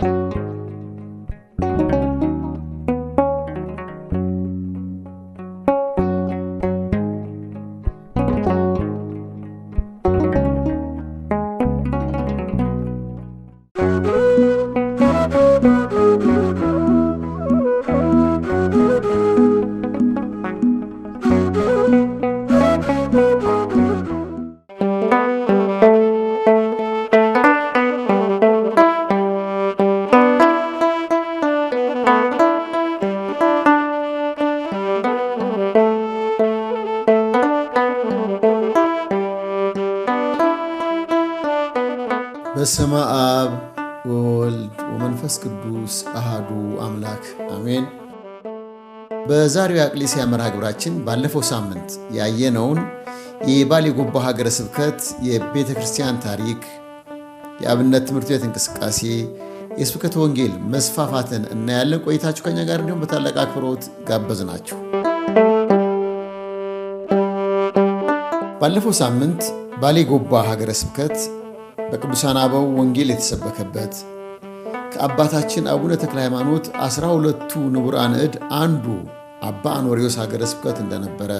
Thank you. በዛሬው የአቅሌስያ መርሃ ግብራችን ባለፈው ሳምንት ያየነውን የባሌ ጎባ ሀገረ ስብከት የቤተ ክርስቲያን ታሪክ፣ የአብነት ትምህርት ቤት እንቅስቃሴ፣ የስብከት ወንጌል መስፋፋትን እናያለን። ቆይታችሁ ከኛ ጋር እንዲሁም በታላቅ አክብሮት ጋበዝ ናችሁ። ባለፈው ሳምንት ባሌ ጎባ ሀገረ ስብከት በቅዱሳን አበው ወንጌል የተሰበከበት አባታችን አቡነ ተክለ ሃይማኖት አስራ ሁለቱ ንቡራን እድ አንዱ አባ አኖሪዎስ ሀገረ ስብከት እንደነበረ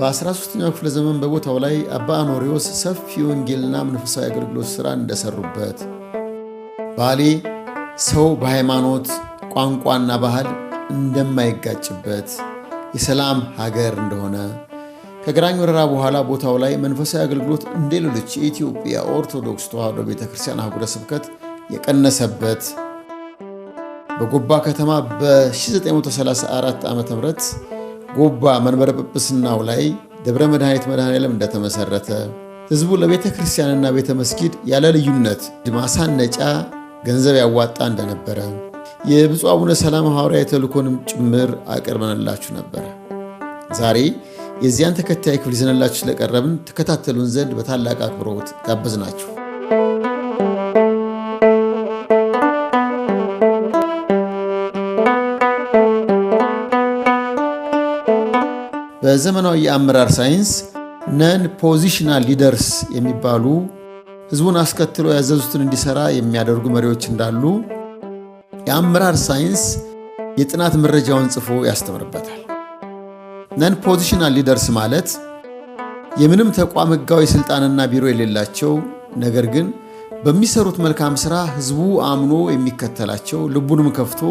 በ13ኛው ክፍለ ዘመን በቦታው ላይ አባ አኖሪዎስ ሰፊ ወንጌልና መንፈሳዊ አገልግሎት ሥራ እንደሰሩበት ባሌ ሰው በሃይማኖት ቋንቋና ባህል እንደማይጋጭበት የሰላም ሀገር እንደሆነ ከግራኝ ወረራ በኋላ ቦታው ላይ መንፈሳዊ አገልግሎት እንደሌሎች የኢትዮጵያ ኦርቶዶክስ ተዋሕዶ ቤተ ክርስቲያን አህጉረ ስብከት የቀነሰበት በጎባ ከተማ በ1934 ዓ ም ጎባ መንበረ ጵጵስናው ላይ ደብረ መድኃኒት መድኃኔዓለም እንደተመሠረተ ሕዝቡ ለቤተ ክርስቲያንና ቤተ መስጊድ ያለ ልዩነት ድማሳነጫ ገንዘብ ያዋጣ እንደነበረ የብፁዕ አቡነ ሰላም ሐዋርያ የተልእኮንም ጭምር አቅርበንላችሁ ነበረ። ዛሬ የዚያን ተከታይ ክፍል ይዘንላችሁ ስለቀረብን ተከታተሉን ዘንድ በታላቅ አክብሮት ጋበዝናችሁ። በዘመናዊ የአመራር ሳይንስ ነን ፖዚሽናል ሊደርስ የሚባሉ ህዝቡን አስከትሎ ያዘዙትን እንዲሰራ የሚያደርጉ መሪዎች እንዳሉ የአመራር ሳይንስ የጥናት መረጃውን ጽፎ ያስተምርበታል። ነን ፖዚሽናል ሊደርስ ማለት የምንም ተቋም ህጋዊ ስልጣንና ቢሮ የሌላቸው ነገር ግን በሚሰሩት መልካም ስራ ህዝቡ አምኖ የሚከተላቸው ልቡንም ከፍቶ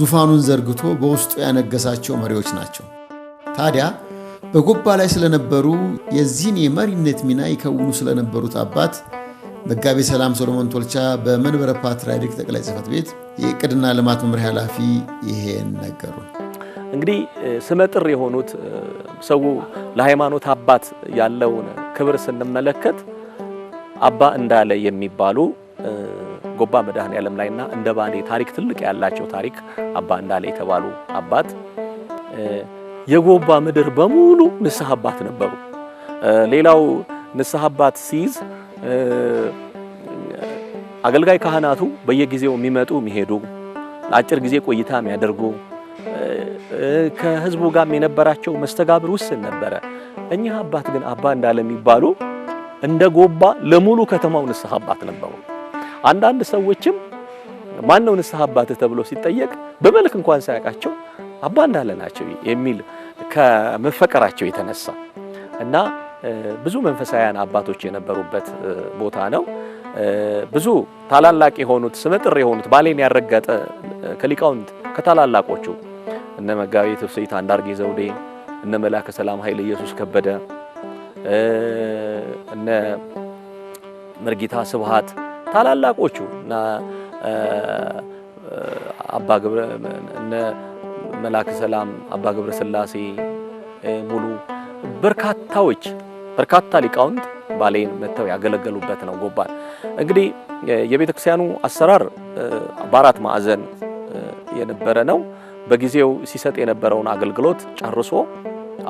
ዙፋኑን ዘርግቶ በውስጡ ያነገሳቸው መሪዎች ናቸው። ታዲያ በጎባ ላይ ስለነበሩ የዚህን የመሪነት ሚና ይከውኑ ስለነበሩት አባት መጋቤ ሰላም ሶሎሞን ቶልቻ በመንበረ ፓትርያርክ ጠቅላይ ጽህፈት ቤት የቅድና ልማት መምሪያ ኃላፊ ይሄን ነገሩ። እንግዲህ ስመጥር የሆኑት ሰው ለሃይማኖት አባት ያለውን ክብር ስንመለከት አባ እንዳለ የሚባሉ ጎባ መድኃኔዓለም ላይና እንደ ባሌ ታሪክ ትልቅ ያላቸው ታሪክ አባ እንዳለ የተባሉ አባት የጎባ ምድር በሙሉ ንስሐ አባት ነበሩ። ሌላው ንስሐ አባት ሲይዝ አገልጋይ ካህናቱ በየጊዜው የሚመጡ የሚሄዱ ለአጭር ጊዜ ቆይታ የሚያደርጉ ከህዝቡ ጋር የነበራቸው መስተጋብር ውስን ነበረ። እኚህ አባት ግን አባ እንዳለ የሚባሉ እንደ ጎባ ለሙሉ ከተማው ንስሐ አባት ነበሩ። አንዳንድ ሰዎችም ማን ነው ንስሐ አባት ተብሎ ሲጠየቅ በመልክ እንኳን ሳያውቃቸው አባ እንዳለ ናቸው የሚል ከመፈቀራቸው የተነሳ እና ብዙ መንፈሳውያን አባቶች የነበሩበት ቦታ ነው። ብዙ ታላላቅ የሆኑት ስመጥር የሆኑት ባሌን ያረገጠ ከሊቃውንት ከታላላቆቹ እነ መጋቤ ትፍስሕት አንዳርጌ ዘውዴ፣ እነ መላከ ሰላም ኃይለ ኢየሱስ ከበደ፣ እነ መርጊታ ስብሃት ታላላቆቹ እና አባ ገብረ መላክ ሰላም አባ ገብረስላሴ ሙሉ በርካታዎች በርካታ ሊቃውንት ባሌን መጥተው ያገለገሉበት ነው። ጎባን እንግዲህ የቤተ ክርስቲያኑ አሰራር በአራት ማዕዘን የነበረ ነው። በጊዜው ሲሰጥ የነበረውን አገልግሎት ጨርሶ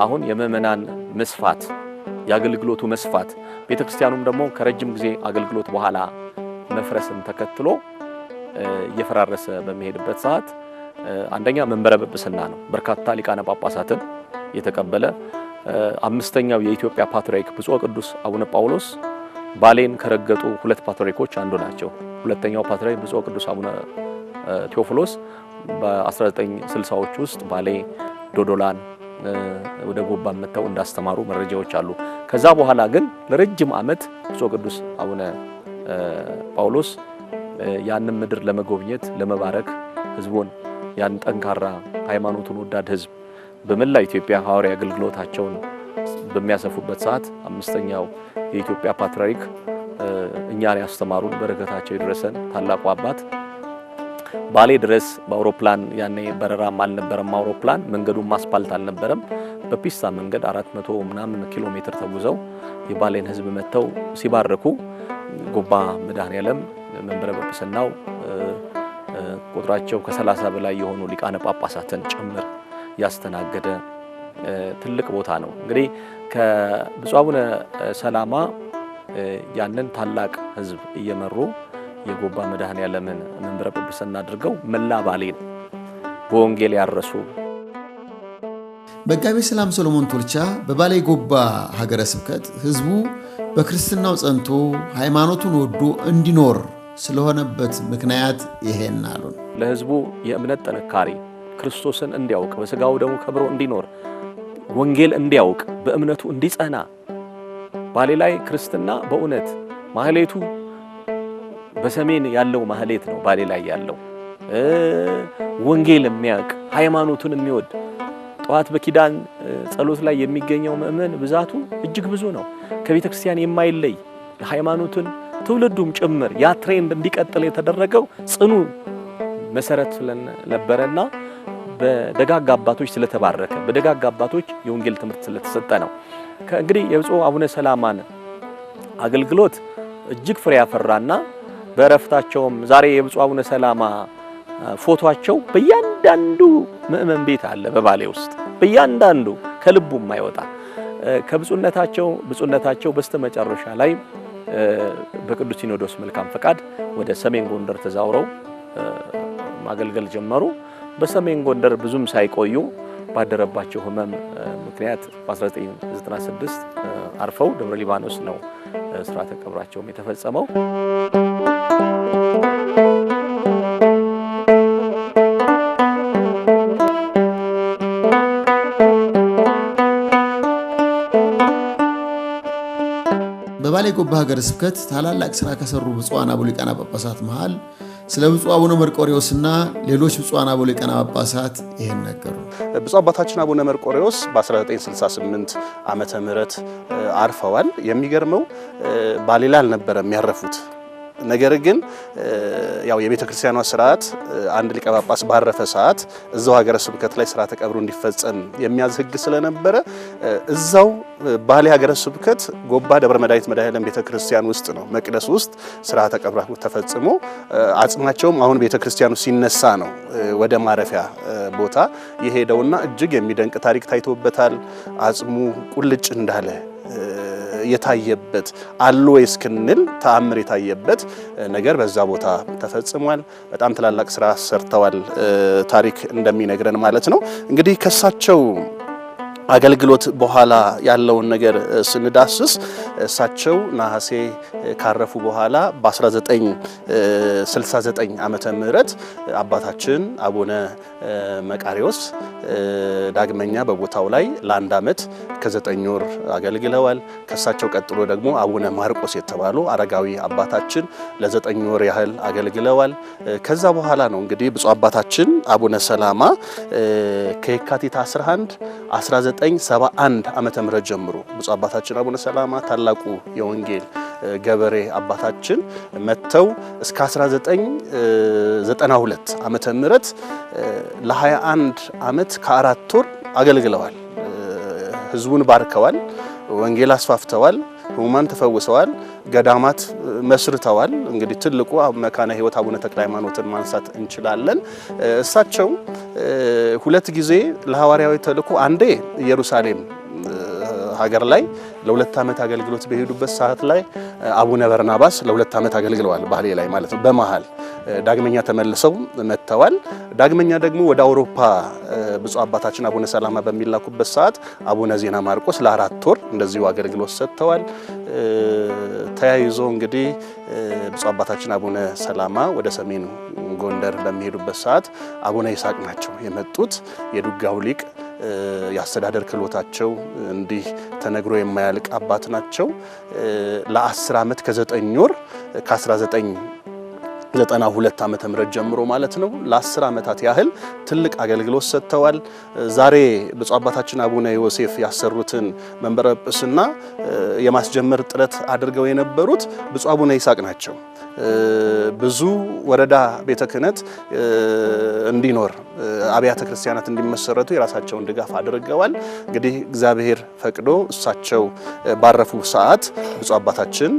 አሁን የምእመናን መስፋት የአገልግሎቱ መስፋት ቤተ ክርስቲያኑም ደግሞ ከረጅም ጊዜ አገልግሎት በኋላ መፍረስን ተከትሎ እየፈራረሰ በሚሄድበት ሰዓት አንደኛ መንበረ ጵጵስና ነው። በርካታ ሊቃነ ጳጳሳትን የተቀበለ አምስተኛው የኢትዮጵያ ፓትርያርክ ብፁዕ ቅዱስ አቡነ ጳውሎስ ባሌን ከረገጡ ሁለት ፓትርያርኮች አንዱ ናቸው። ሁለተኛው ፓትርያርክ ብፁዕ ቅዱስ አቡነ ቴዎፍሎስ በ1960ዎች ውስጥ ባሌ ዶዶላን ወደ ጎባ መጥተው እንዳስተማሩ መረጃዎች አሉ። ከዛ በኋላ ግን ለረጅም ዓመት ብፁዕ ቅዱስ አቡነ ጳውሎስ ያንን ምድር ለመጎብኘት ለመባረክ ህዝቡን ያን ጠንካራ ሃይማኖቱን ወዳድ ህዝብ በመላ ኢትዮጵያ ሐዋርያ አገልግሎታቸውን በሚያሰፉበት ሰዓት አምስተኛው የኢትዮጵያ ፓትርያርክ እኛን ያስተማሩን በረከታቸው ይድረሰን ታላቁ አባት ባሌ ድረስ በአውሮፕላን ያኔ በረራም አልነበረም። አውሮፕላን መንገዱም አስፓልት አልነበረም። በፒስታ መንገድ 400 ምናምን ኪሎ ሜትር ተጉዘው የባሌን ህዝብ መጥተው ሲባረኩ ጎባ መድኃኔ መንበረ ጵጵስናው ቁጥራቸው ከሰላሳ በላይ የሆኑ ሊቃነ ጳጳሳትን ጭምር ያስተናገደ ትልቅ ቦታ ነው። እንግዲህ ከብፁዕ አቡነ ሰላማ ያንን ታላቅ ሕዝብ እየመሩ የጎባ መድኃኔ ዓለምን መንበረ ጵጵስና አድርገው መላ ባሌን በወንጌል ያረሱ መጋቤ ሰላም ሶሎሞን ቶልቻ በባሌ ጎባ ሀገረ ስብከት ሕዝቡ በክርስትናው ጸንቶ ሃይማኖቱን ወዶ እንዲኖር ስለሆነበት ምክንያት ይሄን አሉን። ለህዝቡ የእምነት ጥንካሬ ክርስቶስን እንዲያውቅ በሥጋው ደግሞ ከብሮ እንዲኖር ወንጌል እንዲያውቅ በእምነቱ እንዲጸና ባሌ ላይ ክርስትና በእውነት ማህሌቱ በሰሜን ያለው ማህሌት ነው። ባሌ ላይ ያለው ወንጌል የሚያውቅ ሃይማኖቱን የሚወድ ጠዋት በኪዳን ጸሎት ላይ የሚገኘው ምእመን ብዛቱ እጅግ ብዙ ነው። ከቤተ ክርስቲያን የማይለይ ሃይማኖቱን ትውልዱም ጭምር ያ ትሬንድ እንዲቀጥል የተደረገው ጽኑ መሰረት ስለነበረና በደጋግ አባቶች ስለተባረከ በደጋግ አባቶች የወንጌል ትምህርት ስለተሰጠ ነው። ከእንግዲህ የብፁዕ አቡነ ሰላማን አገልግሎት እጅግ ፍሬ ያፈራና በእረፍታቸውም ዛሬ የብፁዕ አቡነ ሰላማ ፎቶቸው በእያንዳንዱ ምእመን ቤት አለ። በባሌ ውስጥ በእያንዳንዱ ከልቡ የማይወጣ ከብፁነታቸው ብፁነታቸው በስተመጨረሻ ላይ በቅዱስ ሲኖዶስ መልካም ፈቃድ ወደ ሰሜን ጎንደር ተዛውረው ማገልገል ጀመሩ። በሰሜን ጎንደር ብዙም ሳይቆዩ ባደረባቸው ሕመም ምክንያት በ1996 አርፈው ደብረ ሊባኖስ ነው ስርዓተ ቀብራቸውም የተፈጸመው። በባሌ ጎባ ሀገረ ስብከት ታላላቅ ስራ ከሰሩ ብፁዓን አበው ሊቃነ ጳጳሳት መሃል ስለ ብፁዕ አቡነ መርቆሪዎስና ሌሎች ብፁዓን አበው ሊቃነ ጳጳሳት ይህን ነገሩ። ብፁ አባታችን አቡነ መርቆሪዎስ በ1968 ዓመተ ምህረት አርፈዋል። የሚገርመው ባሌላ አልነበረም ያረፉት ነገር ግን ያው የቤተ ክርስቲያኗ ስርዓት አንድ ሊቀ ጳጳስ ባረፈ ሰዓት እዛው ሀገረ ስብከት ላይ ስርዓተ ቀብሩ እንዲፈጸም የሚያዝ ህግ ስለነበረ እዛው ባሌ ሀገረ ስብከት ጎባ ደብረ መድኃኒት መድኃኔዓለም ቤተ ክርስቲያን ውስጥ ነው መቅደስ ውስጥ ስርዓተ ቀብሩ ተፈጽሞ አጽማቸውም አሁን ቤተ ክርስቲያኑ ሲነሳ ነው ወደ ማረፊያ ቦታ የሄደውና እጅግ የሚደንቅ ታሪክ ታይቶበታል። አጽሙ ቁልጭ እንዳለ የታየበት አሉ ወይ እስክንል ተአምር የታየበት ነገር በዛ ቦታ ተፈጽሟል። በጣም ትላላቅ ስራ ሰርተዋል፣ ታሪክ እንደሚነግረን ማለት ነው። እንግዲህ ከሳቸው አገልግሎት በኋላ ያለውን ነገር ስንዳስስ እሳቸው ነሐሴ ካረፉ በኋላ በ1969 ዓመተ ምህረት አባታችን አቡነ መቃሪዎስ ዳግመኛ በቦታው ላይ ለአንድ ዓመት ከዘጠኝ ወር አገልግለዋል። ከእሳቸው ቀጥሎ ደግሞ አቡነ ማርቆስ የተባሉ አረጋዊ አባታችን ለዘጠኝ ወር ያህል አገልግለዋል። ከዛ በኋላ ነው እንግዲህ ብፁዕ አባታችን አቡነ ሰላማ ከየካቲት 11 ከ ዓመተ ምህረት ጀምሮ ብፁዕ አባታችን አቡነ ሰላማ ታላቁ የወንጌል ገበሬ አባታችን መጥተው እስከ 1992 ዓመተ ምህረት ለ21 ዓመት ከአራት ወር አገልግለዋል። ህዝቡን ባርከዋል፣ ወንጌል አስፋፍተዋል፣ ህሙማን ተፈውሰዋል፣ ገዳማት መስርተዋል። እንግዲህ ትልቁ መካነ ህይወት አቡነ ተክለ ሃይማኖትን ማንሳት እንችላለን። እሳቸው ሁለት ጊዜ ለሐዋርያዊ ተልእኮ አንዴ ኢየሩሳሌም ሀገር ላይ ለሁለት ዓመት አገልግሎት በሄዱበት ሰዓት ላይ አቡነ በርናባስ ለሁለት ዓመት አገልግለዋል፣ ባህሌ ላይ ማለት ነው። በመሀል ዳግመኛ ተመልሰው መጥተዋል። ዳግመኛ ደግሞ ወደ አውሮፓ ብፁዕ አባታችን አቡነ ሰላማ በሚላኩበት ሰዓት አቡነ ዜና ማርቆስ ለአራት ወር እንደዚሁ አገልግሎት ሰጥተዋል። ተያይዞ እንግዲህ ብፁዕ አባታችን አቡነ ሰላማ ወደ ሰሜን ጎንደር በሚሄዱበት ሰዓት አቡነ ይስሐቅ ናቸው የመጡት የዱጋው ሊቅ የአስተዳደር ክህሎታቸው እንዲህ ተነግሮ የማያልቅ አባት ናቸው። ለአስር ዓመት ከዘጠኝ ወር ከ1992 ዓመተ ምህረት ጀምሮ ማለት ነው ለአስር ዓመታት ያህል ትልቅ አገልግሎት ሰጥተዋል። ዛሬ ብፁዕ አባታችን አቡነ ዮሴፍ ያሰሩትን መንበረ ጵጵስና የማስጀመር ጥረት አድርገው የነበሩት ብፁዕ አቡነ ይስሐቅ ናቸው። ብዙ ወረዳ ቤተ ክህነት እንዲኖር አብያተ ክርስቲያናት እንዲመሰረቱ የራሳቸውን ድጋፍ አድርገዋል። እንግዲህ እግዚአብሔር ፈቅዶ እሳቸው ባረፉ ሰዓት ብፁዕ አባታችን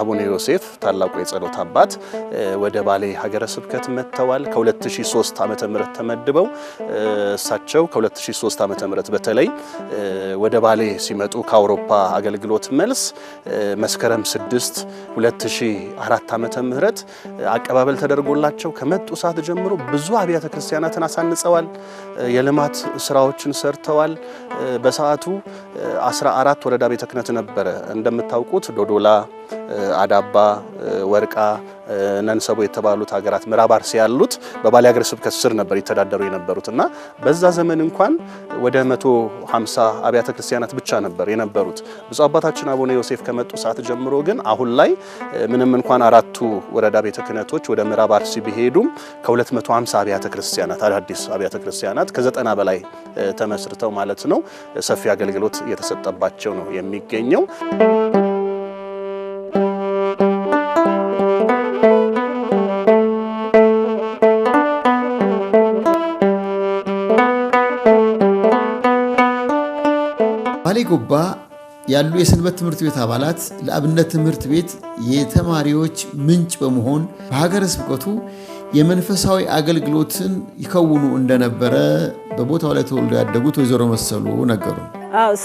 አቡነ ዮሴፍ ታላቁ የጸሎት አባት ወደ ባሌ ሀገረ ስብከት መጥተዋል። ከ2003 ዓ ም ተመድበው እሳቸው ከ2003 ዓ ም በተለይ ወደ ባሌ ሲመጡ ከአውሮፓ አገልግሎት መልስ መስከረም 6 2004 ዓመተ ምህረት አቀባበል ተደርጎላቸው ከመጡ ሰዓት ጀምሮ ብዙ አብያተ ክርስቲያናትን አሳንጸዋል። የልማት ስራዎችን ሰርተዋል። በሰዓቱ 14 ወረዳ ቤተ ክህነት ነበረ እንደምታውቁት ዶዶላ፣ አዳባ፣ ወርቃ ነንሰቦ የተባሉት ሀገራት ምዕራብ አርሲ ያሉት በባሌ ሀገረ ስብከት ስር ነበር የተዳደሩ የነበሩት እና በዛ ዘመን እንኳን ወደ 150 አብያተ ክርስቲያናት ብቻ ነበር የነበሩት። ብፁዕ አባታችን አቡነ ዮሴፍ ከመጡ ሰዓት ጀምሮ ግን አሁን ላይ ምንም እንኳን አራቱ ወረዳ ቤተ ክህነቶች ወደ ምዕራብ አርሲ ቢሄዱም ከ250 አብያተ ክርስቲያናት አዳዲስ አብያተ ክርስቲያናት ከዘጠና በላይ ተመስርተው ማለት ነው ሰፊ አገልግሎት እየተሰጠባቸው ነው የሚገኘው። ባሌ ጎባ ያሉ የሰንበት ትምህርት ቤት አባላት ለአብነት ትምህርት ቤት የተማሪዎች ምንጭ በመሆን በሀገረ ስብከቱ የመንፈሳዊ አገልግሎትን ይከውኑ እንደነበረ በቦታው ላይ ተወልዶ ያደጉት ወይዘሮ መሰሉ ነገሩ።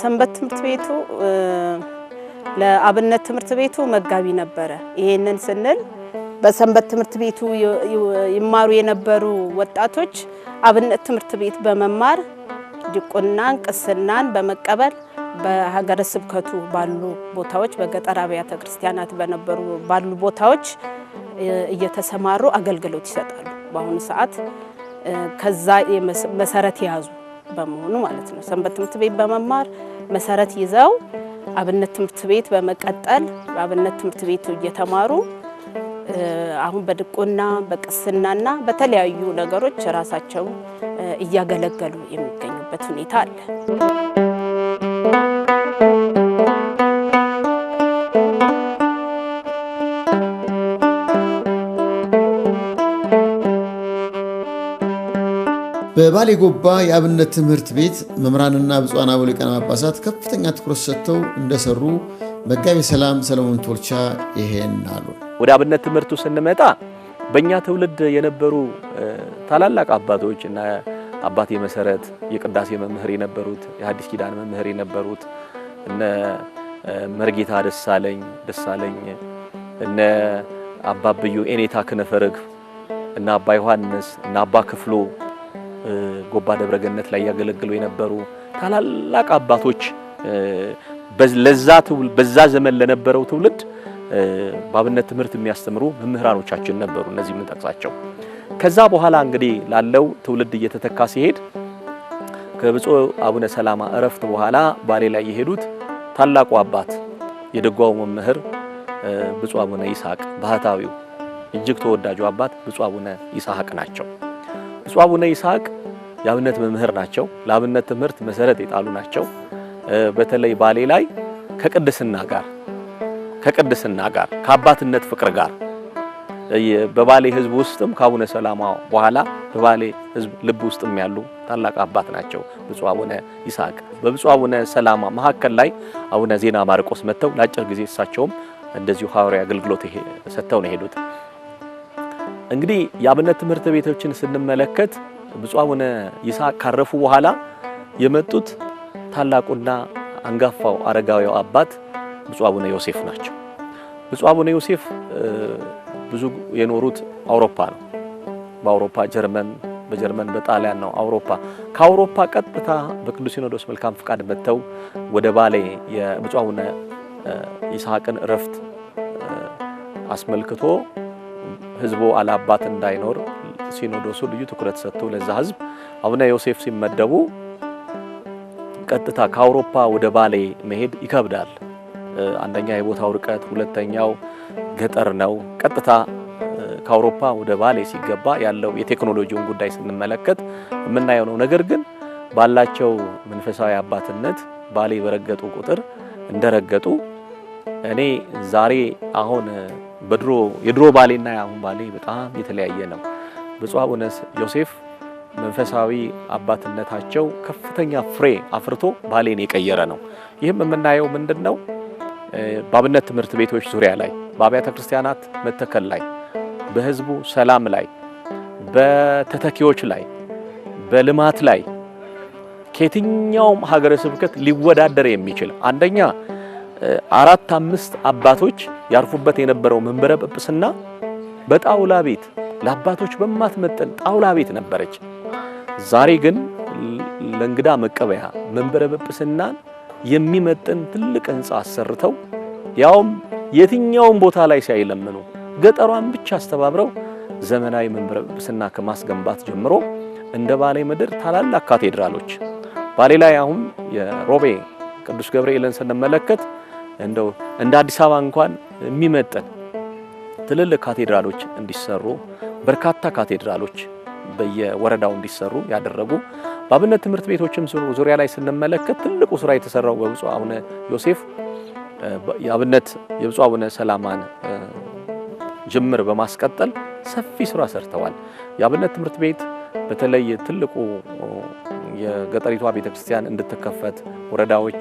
ሰንበት ትምህርት ቤቱ ለአብነት ትምህርት ቤቱ መጋቢ ነበረ። ይሄንን ስንል በሰንበት ትምህርት ቤቱ ይማሩ የነበሩ ወጣቶች አብነት ትምህርት ቤት በመማር ድቁናን፣ ቅስናን በመቀበል በሀገረ ስብከቱ ባሉ ቦታዎች በገጠር አብያተ ክርስቲያናት በነበሩ ባሉ ቦታዎች እየተሰማሩ አገልግሎት ይሰጣሉ። በአሁኑ ሰዓት ከዛ መሰረት የያዙ በመሆኑ ማለት ነው። ሰንበት ትምህርት ቤት በመማር መሰረት ይዘው አብነት ትምህርት ቤት በመቀጠል በአብነት ትምህርት ቤቱ እየተማሩ አሁን በድቁና በቅስናና በተለያዩ ነገሮች ራሳቸው እያገለገሉ የሚገኙበት ሁኔታ አለ። በባሌ ጎባ የአብነት ትምህርት ቤት መምህራንና ብፁዓን አበው ሊቃነ ጳጳሳት ከፍተኛ ትኩረት ሰጥተው እንደሰሩ መጋቢ ሰላም ሰለሞን ቶልቻ ይሄን አሉ። ወደ አብነት ትምህርቱ ስንመጣ በእኛ ትውልድ የነበሩ ታላላቅ አባቶች እና አባቴ መሰረት የቅዳሴ መምህር የነበሩት የሐዲስ ኪዳን መምህር የነበሩት እነ መርጌታ ደሳለኝ ደሳለኝ እነ አባ ብዩ ኤኔታ ክነፈርግ እነ አባ ዮሐንስ እነ አባ ክፍሎ ጎባ ደብረገነት ላይ ያገለግሉ የነበሩ ታላላቅ አባቶች በዛ ዘመን ለነበረው ትውልድ በአብነት ትምህርት የሚያስተምሩ መምህራኖቻችን ነበሩ። እነዚህ የምንጠቅሳቸው ከዛ በኋላ እንግዲህ ላለው ትውልድ እየተተካ ሲሄድ ከብፁዕ አቡነ ሰላማ እረፍት በኋላ ባሌ ላይ የሄዱት ታላቁ አባት የደጓው መምህር ብፁዕ አቡነ ይስሐቅ ባህታዊው እጅግ ተወዳጁ አባት ብፁዕ አቡነ ይስሐቅ ናቸው። ብፁዕ አቡነ ይስሐቅ የአብነት መምህር ናቸው። ለአብነት ትምህርት መሰረት የጣሉ ናቸው። በተለይ ባሌ ላይ ከቅድስና ጋር ከቅድስና ጋር ከአባትነት ፍቅር ጋር በባሌ ሕዝብ ውስጥም ከአቡነ ሰላማ በኋላ በባሌ ሕዝብ ልብ ውስጥም ያሉ ታላቅ አባት ናቸው ብፁዕ አቡነ ይስሐቅ። በብፁዕ አቡነ ሰላማ መካከል ላይ አቡነ ዜና ማርቆስ መጥተው ለአጭር ጊዜ እሳቸውም እንደዚሁ ሐዋርያዊ አገልግሎት ሰጥተው ነው የሄዱት። እንግዲህ የአብነት ትምህርት ቤቶችን ስንመለከት ብፁዕ አቡነ ይስሐቅ ካረፉ በኋላ የመጡት ታላቁና አንጋፋው አረጋዊው አባት ብፁዕ አቡነ ዮሴፍ ናቸው። ብፁዕ አቡነ ዮሴፍ ብዙ የኖሩት አውሮፓ ነው። በአውሮፓ ጀርመን፣ በጀርመን በጣሊያን ነው አውሮፓ። ከአውሮፓ ቀጥታ በቅዱስ ሲኖዶስ መልካም ፍቃድ መጥተው ወደ ባሌ የብፁዕ አቡነ ይስሐቅን እረፍት አስመልክቶ ህዝቡ አለአባት እንዳይኖር ሲኖዶሱ ልዩ ትኩረት ሰጥቶ ለዛ ህዝብ አቡነ ዮሴፍ ሲመደቡ ቀጥታ ከአውሮፓ ወደ ባሌ መሄድ ይከብዳል። አንደኛ የቦታው ርቀት፣ ሁለተኛው ገጠር ነው። ቀጥታ ከአውሮፓ ወደ ባሌ ሲገባ ያለው የቴክኖሎጂውን ጉዳይ ስንመለከት የምናየው ነው። ነገር ግን ባላቸው መንፈሳዊ አባትነት ባሌ በረገጡ ቁጥር እንደረገጡ እኔ ዛሬ አሁን በድሮ የድሮ ባሌና አሁን ባሌ በጣም የተለያየ ነው። ብፁዕ አቡነ ዮሴፍ መንፈሳዊ አባትነታቸው ከፍተኛ ፍሬ አፍርቶ ባሌን የቀየረ ነው። ይህም የምናየው ምንድን ነው? በአብነት ትምህርት ቤቶች ዙሪያ ላይ፣ በአብያተ ክርስቲያናት መተከል ላይ፣ በህዝቡ ሰላም ላይ፣ በተተኪዎች ላይ፣ በልማት ላይ ከየትኛውም ሀገረ ስብከት ሊወዳደር የሚችል አንደኛ አራት አምስት አባቶች ያርፉበት የነበረው መንበረ ጵጵስና በጣውላ ቤት ለአባቶች በማትመጠን ጣውላ ቤት ነበረች። ዛሬ ግን ለእንግዳ መቀበያ መንበረ ጵጵስናን የሚመጥን ትልቅ ህንፃ አሰርተው ያውም የትኛውን ቦታ ላይ ሳይለምኑ ገጠሯን ብቻ አስተባብረው ዘመናዊ መንበረ ጵጵስና ከማስገንባት ጀምሮ እንደ ባሌ ምድር ታላላቅ ካቴድራሎች ባሌ ላይ አሁን የሮቤ ቅዱስ ገብርኤልን ስንመለከት እንደው እንደ አዲስ አበባ እንኳን የሚመጥን ትልልቅ ካቴድራሎች እንዲሰሩ በርካታ ካቴድራሎች በየወረዳው እንዲሰሩ ያደረጉ በአብነት ትምህርት ቤቶችም ዙሪያ ላይ ስንመለከት ትልቁ ስራ የተሰራው በብፁዕ አቡነ ዮሴፍ የአብነት የብፁዕ አቡነ ሰላማን ጅምር በማስቀጠል ሰፊ ስራ ሰርተዋል። የአብነት ትምህርት ቤት በተለይ ትልቁ የገጠሪቷ ቤተክርስቲያን እንድትከፈት ወረዳዎች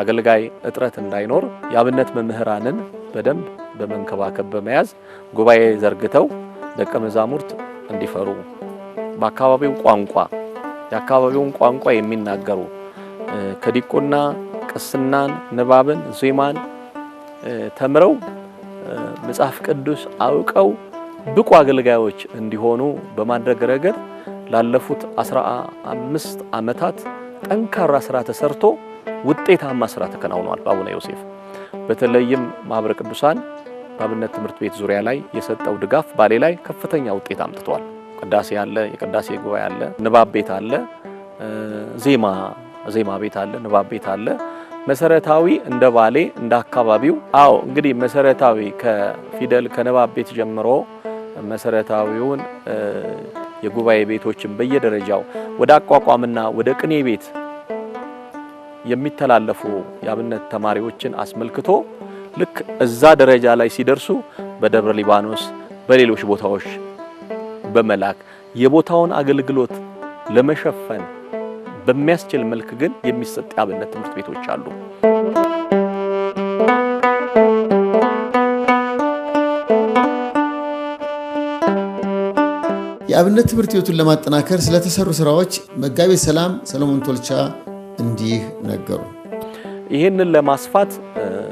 አገልጋይ እጥረት እንዳይኖር የአብነት መምህራንን በደንብ በመንከባከብ በመያዝ ጉባኤ ዘርግተው ደቀ መዛሙርት እንዲፈሩ በአካባቢው ቋንቋ የአካባቢውን ቋንቋ የሚናገሩ ከዲቁና ቅስናን፣ ንባብን፣ ዜማን ተምረው መጽሐፍ ቅዱስ አውቀው ብቁ አገልጋዮች እንዲሆኑ በማድረግ ረገድ ላለፉት አስራ አምስት ዓመታት ጠንካራ ስራ ተሰርቶ ውጤታማ ስራ ተከናውኗል በአቡነ ዮሴፍ። በተለይም ማህበረ ቅዱሳን በአብነት ትምህርት ቤት ዙሪያ ላይ የሰጠው ድጋፍ ባሌ ላይ ከፍተኛ ውጤት አምጥቷል። ቅዳሴ አለ፣ የቅዳሴ ጉባኤ አለ፣ ንባብ ቤት አለ፣ ዜማ ዜማ ቤት አለ፣ ንባብ ቤት አለ። መሰረታዊ እንደ ባሌ እንደ አካባቢው አዎ እንግዲህ መሰረታዊ ከፊደል ከንባብ ቤት ጀምሮ መሰረታዊውን የጉባኤ ቤቶችን በየደረጃው ወደ አቋቋምና ወደ ቅኔ ቤት የሚተላለፉ የአብነት ተማሪዎችን አስመልክቶ ልክ እዛ ደረጃ ላይ ሲደርሱ በደብረ ሊባኖስ፣ በሌሎች ቦታዎች በመላክ የቦታውን አገልግሎት ለመሸፈን በሚያስችል መልክ ግን የሚሰጥ የአብነት ትምህርት ቤቶች አሉ። የአብነት ትምህርት ቤቱን ለማጠናከር ስለተሰሩ ስራዎች መጋቤ ሰላም ሰለሞን ቶልቻ እንዲህ ነገሩ። ይህንን ለማስፋት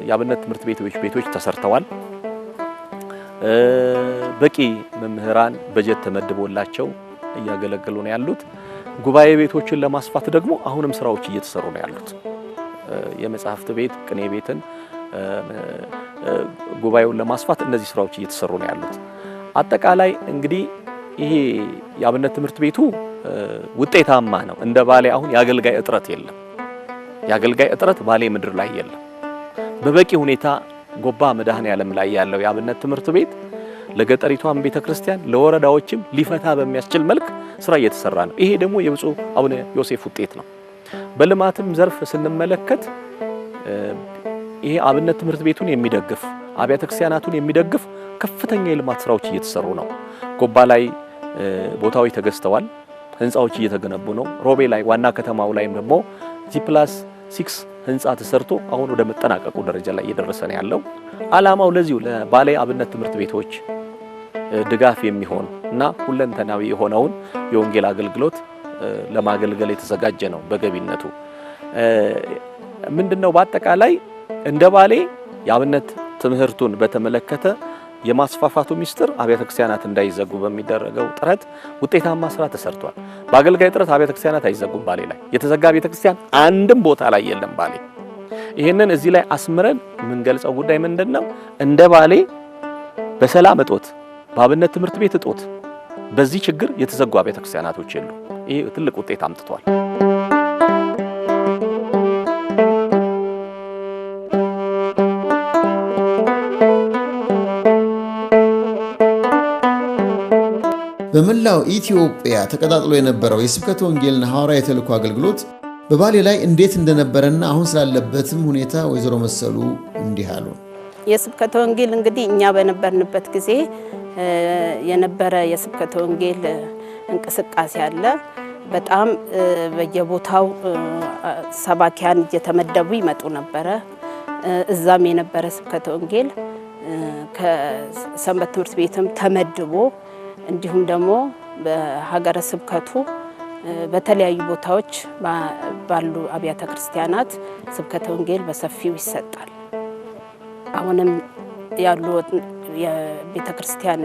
የአብነት ትምህርት ቤቶች ቤቶች ተሰርተዋል። በቂ መምህራን በጀት ተመድቦላቸው እያገለገሉ ነው ያሉት። ጉባኤ ቤቶችን ለማስፋት ደግሞ አሁንም ስራዎች እየተሰሩ ነው ያሉት። የመጽሐፍት ቤት ቅኔ ቤትን ጉባኤውን ለማስፋት እነዚህ ስራዎች እየተሰሩ ነው ያሉት። አጠቃላይ እንግዲህ ይሄ የአብነት ትምህርት ቤቱ ውጤታማ ነው። እንደ ባሌ አሁን የአገልጋይ እጥረት የለም። የአገልጋይ እጥረት ባሌ ምድር ላይ የለም። በበቂ ሁኔታ ጎባ መድኃኔዓለም ላይ ያለው የአብነት ትምህርት ቤት ለገጠሪቷም ቤተ ክርስቲያን ለወረዳዎችም ሊፈታ በሚያስችል መልክ ስራ እየተሰራ ነው። ይሄ ደግሞ የብፁዕ አቡነ ዮሴፍ ውጤት ነው። በልማትም ዘርፍ ስንመለከት ይሄ አብነት ትምህርት ቤቱን የሚደግፍ አብያተ ክርስቲያናቱን የሚደግፍ ከፍተኛ የልማት ስራዎች እየተሰሩ ነው። ጎባ ላይ ቦታዎች ተገዝተዋል። ህንፃዎች እየተገነቡ ነው። ሮቤ ላይ ዋና ከተማው ላይም ደግሞ ጂ ፕላስ ሲክስ ህንፃ ተሰርቶ አሁን ወደ መጠናቀቁ ደረጃ ላይ እየደረሰ ነው ያለው። አላማው ለዚሁ ለባሌ አብነት ትምህርት ቤቶች ድጋፍ የሚሆን እና ሁለንተናዊ የሆነውን የወንጌል አገልግሎት ለማገልገል የተዘጋጀ ነው። በገቢነቱ ምንድነው? በአጠቃላይ እንደ ባሌ የአብነት ትምህርቱን በተመለከተ የማስፋፋቱ ሚስጥር አብያተ ክርስቲያናት እንዳይዘጉ በሚደረገው ጥረት ውጤታማ ስራ ተሰርቷል። በአገልጋይ ጥረት አብያተ ክርስቲያናት አይዘጉም። ባሌ ላይ የተዘጋ ቤተ ክርስቲያን አንድም ቦታ ላይ የለም። ባሌ ይህንን እዚህ ላይ አስምረን የምንገልጸው ጉዳይ ምንድን ነው? እንደ ባሌ በሰላም እጦት፣ በአብነት ትምህርት ቤት እጦት፣ በዚህ ችግር የተዘጉ አብያተ ክርስቲያናቶች የሉ። ይህ ትልቅ ውጤት አምጥቷል። በመላው ኢትዮጵያ ተቀጣጥሎ የነበረው የስብከተ ወንጌልና ሐዋርያዊ የተልእኮ አገልግሎት በባሌ ላይ እንዴት እንደነበረና አሁን ስላለበትም ሁኔታ ወይዘሮ መሰሉ እንዲህ አሉ። የስብከተ ወንጌል እንግዲህ እኛ በነበርንበት ጊዜ የነበረ የስብከተ ወንጌል እንቅስቃሴ አለ። በጣም በየቦታው ሰባኪያን እየተመደቡ ይመጡ ነበረ። እዛም የነበረ ስብከተ ወንጌል ከሰንበት ትምህርት ቤትም ተመድቦ እንዲሁም ደግሞ በሀገረ ስብከቱ በተለያዩ ቦታዎች ባሉ አብያተ ክርስቲያናት ስብከተ ወንጌል በሰፊው ይሰጣል። አሁንም ያሉ የቤተ ክርስቲያን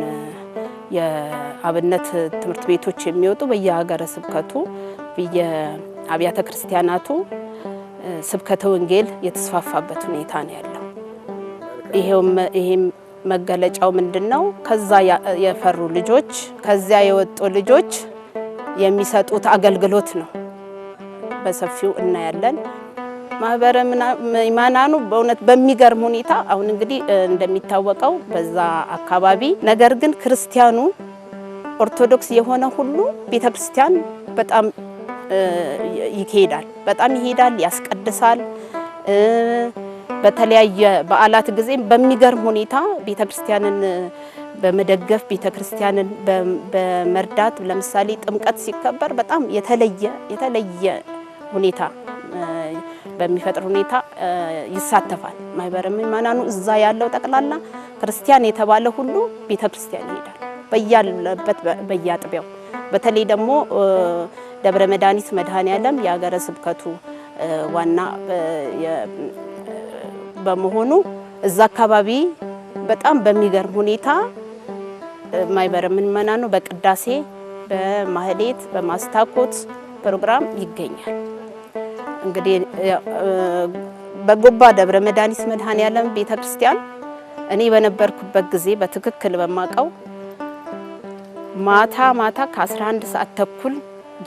የአብነት ትምህርት ቤቶች የሚወጡ በየሀገረ ስብከቱ በየአብያተ ክርስቲያናቱ ስብከተ ወንጌል የተስፋፋበት ሁኔታ ነው ያለው። ይሄም መገለጫው ምንድን ነው? ከዛ የፈሩ ልጆች ከዚያ የወጡ ልጆች የሚሰጡት አገልግሎት ነው። በሰፊው እናያለን። ማህበረ ምእመናኑ በእውነት በሚገርም ሁኔታ አሁን እንግዲህ እንደሚታወቀው በዛ አካባቢ ነገር ግን ክርስቲያኑ ኦርቶዶክስ የሆነ ሁሉ ቤተ ክርስቲያን በጣም ይሄዳል፣ በጣም ይሄዳል፣ ያስቀድሳል በተለያየ በዓላት ጊዜ በሚገርም ሁኔታ ቤተ ክርስቲያንን በመደገፍ ቤተ ክርስቲያንን በመርዳት ለምሳሌ ጥምቀት ሲከበር በጣም የተለየ የተለየ ሁኔታ በሚፈጥር ሁኔታ ይሳተፋል። ማህበረ ምእመናኑ እዛ ያለው ጠቅላላ ክርስቲያን የተባለ ሁሉ ቤተ ክርስቲያን ይሄዳል፣ በያለበት በያጥቢያው። በተለይ ደግሞ ደብረ መድኃኒት መድኃኔ ዓለም የሀገረ ስብከቱ ዋና በመሆኑ እዛ አካባቢ በጣም በሚገርም ሁኔታ ማይበረ ነው በቅዳሴ በማህሌት በማስታኮት ፕሮግራም ይገኛል። እንግዲህ በጎባ ደብረ መድኃኒት መድኃኔዓለም ቤተ ክርስቲያን እኔ በነበርኩበት ጊዜ በትክክል በማቀው ማታ ማታ ከ11 ሰዓት ተኩል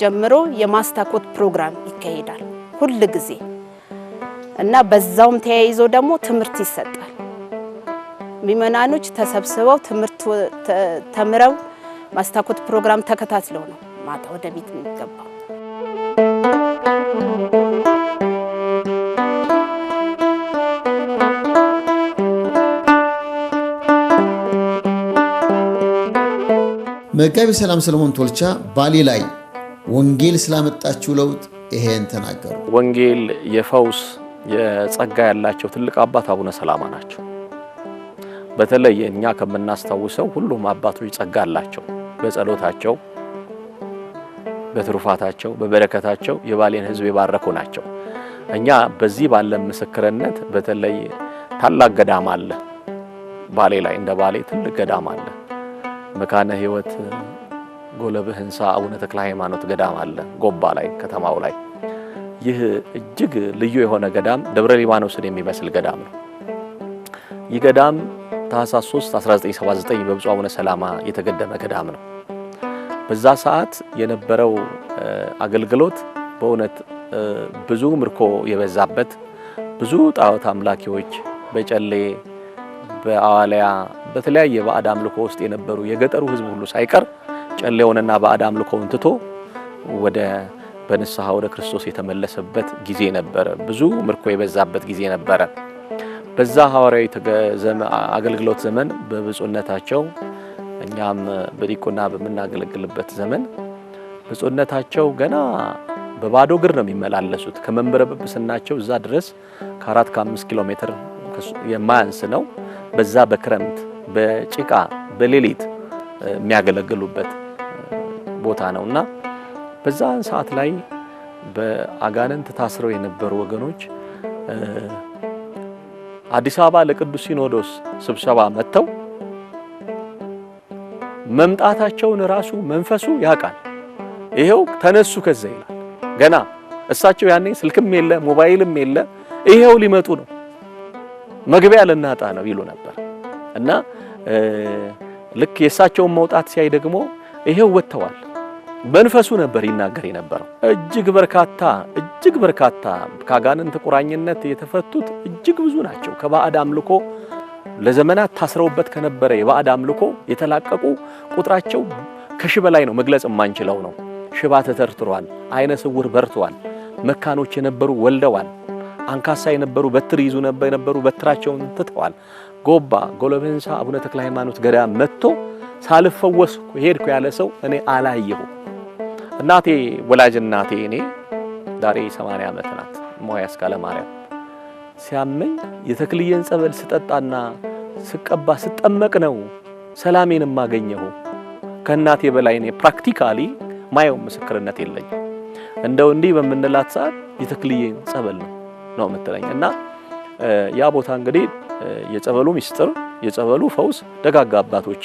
ጀምሮ የማስታኮት ፕሮግራም ይካሄዳል ሁል ጊዜ። እና በዛውም ተያይዞ ደግሞ ትምህርት ይሰጣል። ሚመናኖች ተሰብስበው ትምህርት ተምረው ማስታኮት ፕሮግራም ተከታትለው ነው ማታ ወደ ቤት የሚገባው። መጋቢ ሰላም ሰለሞን ቶልቻ ባሌ ላይ ወንጌል ስላመጣችው ለውጥ ይሄን ተናገሩ። ወንጌል የፈውስ የጸጋ ያላቸው ትልቅ አባት አቡነ ሰላማ ናቸው። በተለይ እኛ ከምናስታውሰው ሁሉም አባቶች ጸጋ አላቸው። በጸሎታቸው፣ በትሩፋታቸው፣ በበረከታቸው የባሌን ሕዝብ የባረኩ ናቸው። እኛ በዚህ ባለን ምስክርነት በተለይ ታላቅ ገዳም አለ ባሌ ላይ እንደ ባሌ ትልቅ ገዳም አለ። መካነ ሕይወት ጎለብ ህንሳ አቡነ ተክለ ሃይማኖት ገዳም አለ ጎባ ላይ ከተማው ላይ ይህ እጅግ ልዩ የሆነ ገዳም ደብረ ሊባኖስን የሚመስል ገዳም ነው። ይህ ገዳም ታኅሳስ 3 1979 በብፁዕ አቡነ ሰላማ የተገደመ ገዳም ነው። በዛ ሰዓት የነበረው አገልግሎት በእውነት ብዙ ምርኮ የበዛበት ብዙ ጣዖት አምላኪዎች በጨሌ በአዋልያ በተለያየ ባዕድ አምልኮ ውስጥ የነበሩ የገጠሩ ሕዝብ ሁሉ ሳይቀር ጨሌውንና ባዕድ አምልኮውን ትቶ ወደ በንስሐ ወደ ክርስቶስ የተመለሰበት ጊዜ ነበረ። ብዙ ምርኮ የበዛበት ጊዜ ነበረ። በዛ ሐዋርያዊ አገልግሎት ዘመን በብፁዕነታቸው እኛም በዲቁና በምናገለግልበት ዘመን ብፁዕነታቸው ገና በባዶ እግር ነው የሚመላለሱት። ከመንበረ ጵጵስናቸው እዛ ድረስ ከአራት ከአምስት ኪሎ ሜትር የማያንስ ነው። በዛ በክረምት በጭቃ በሌሊት የሚያገለግሉበት ቦታ ነውና በዛ ሰዓት ላይ በአጋንንት ታስረው የነበሩ ወገኖች አዲስ አበባ ለቅዱስ ሲኖዶስ ስብሰባ መጥተው መምጣታቸውን ራሱ መንፈሱ ያውቃል። ይሄው ተነሱ ከዛ ይላል። ገና እሳቸው ያኔ ስልክም የለ ሞባይልም የለ፣ ይሄው ሊመጡ ነው፣ መግቢያ ልናጣ ነው ይሉ ነበር እና ልክ የእሳቸውን መውጣት ሲያይ ደግሞ ይሄው ወጥተዋል መንፈሱ ነበር ይናገር የነበረው። እጅግ በርካታ እጅግ በርካታ ከአጋንንት ቁራኝነት የተፈቱት እጅግ ብዙ ናቸው። ከባዕድ አምልኮ ለዘመናት ታስረውበት ከነበረ የባዕድ አምልኮ የተላቀቁ ቁጥራቸው ከሺ በላይ ነው፣ መግለጽ የማንችለው ነው። ሽባ ተተርትሯል፣ አይነ ስውር በርቷል፣ መካኖች የነበሩ ወልደዋል፣ አንካሳ የነበሩ በትር ይዙ የነበሩ በትራቸውን ትተዋል። ጎባ ጎለቤንሳ አቡነ ተክለ ሃይማኖት ገዳም መጥቶ ሳልፈወስ ሄድኩ ያለ ሰው እኔ አላየሁ እናቴ ወላጅ እናቴ እኔ ዛሬ 80 ዓመት ናት። እማሆይ አስካለ ማርያም ሲያመኝ የተክልዬን ጸበል ስጠጣና ስቀባ ስጠመቅ ነው ሰላሜን የማገኘው። ከእናቴ በላይ እኔ ፕራክቲካሊ ማየው ምስክርነት የለኝ። እንደው እንዲህ በምንላት ሰዓት የተክልዬን ጸበል ነው ነው የምትለኝ እና ያ ቦታ እንግዲህ የጸበሉ ምስጢር የጸበሉ ፈውስ ደጋጋ አባቶች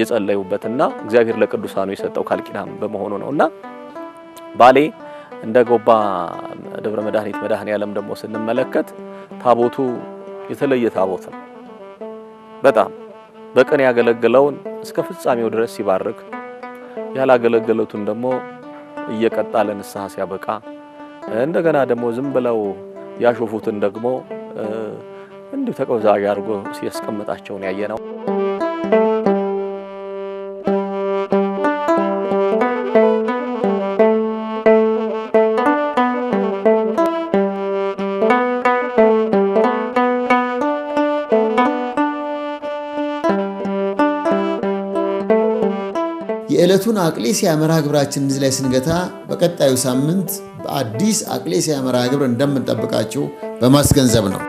የጸለዩበትና እግዚአብሔር ለቅዱሳኑ የሰጠው ቃል ኪዳን በመሆኑ ነውና ባሌ እንደ ጎባ ደብረ መድኃኒት መድኃኔ ዓለም ደግሞ ስንመለከት ታቦቱ የተለየ ታቦት ነው። በጣም በቀን ያገለግለውን እስከ ፍጻሜው ድረስ ሲባርክ ያላገለገሉትን ደግሞ እየቀጣ ለንስሐ ሲያበቃ እንደገና ደግሞ ዝም ብለው ያሾፉትን ደግሞ እንዲሁ ተቀብዛዥ አድርጎ ሲያስቀምጣቸውን ያየ ነው። አቅሌሲያ መርሃ ግብራችን እዚህ ላይ ስንገታ በቀጣዩ ሳምንት በአዲስ አቅሌስያ መርሃ ግብር እንደምንጠብቃችሁ በማስገንዘብ ነው።